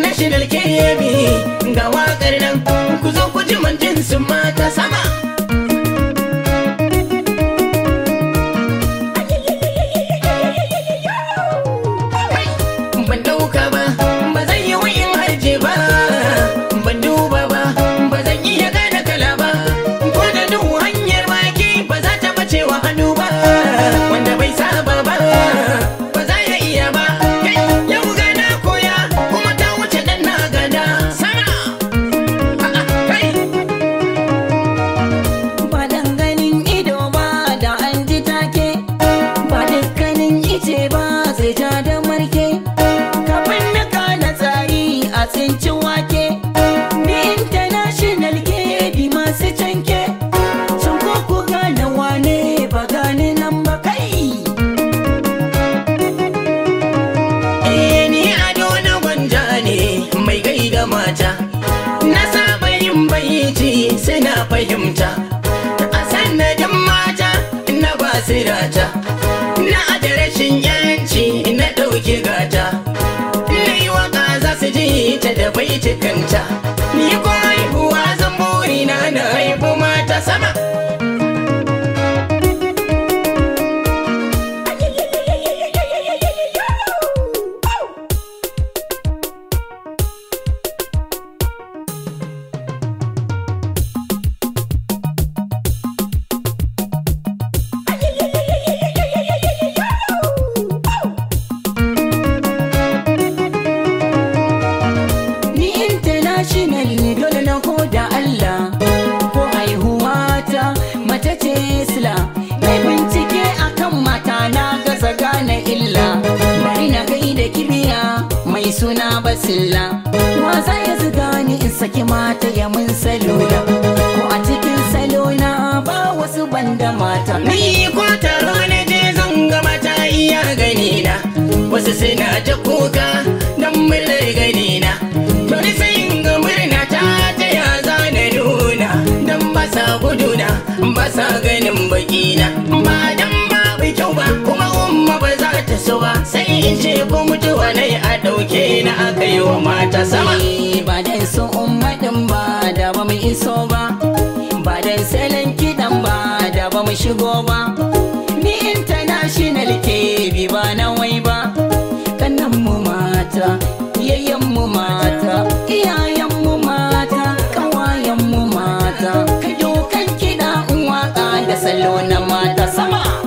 National ga waƙar nan ku zo ku ji jin su mata fahimta a sanadin mata ina ba sirata ina adireshin yanci na ɗauki gata ina yi waka za su ji ta da baitika silla ma za ya zuga ni in saki mata ya mun salula ko a cikin salona ba wasu banda mata ni ko taro na je zanga mata iya gani na wasu suna ta kuka dan mulle gani na to ni sai in ga murna ta ta ya za nuna dan ba sa guduna ba sa ganin bakina sai in ce ko mutuwa na a ɗauke na aka yi wa mata sama eh, ba dan so ummadin ba da ba mu iso ba ba dan salon kiɗan ba da ba mu shigo ba ni international ke bi ba na wai ba kannan mu mata yayyan mu mata iyayen mu mata kawayen mu mata ka dokan kiɗa in da salo na mata sama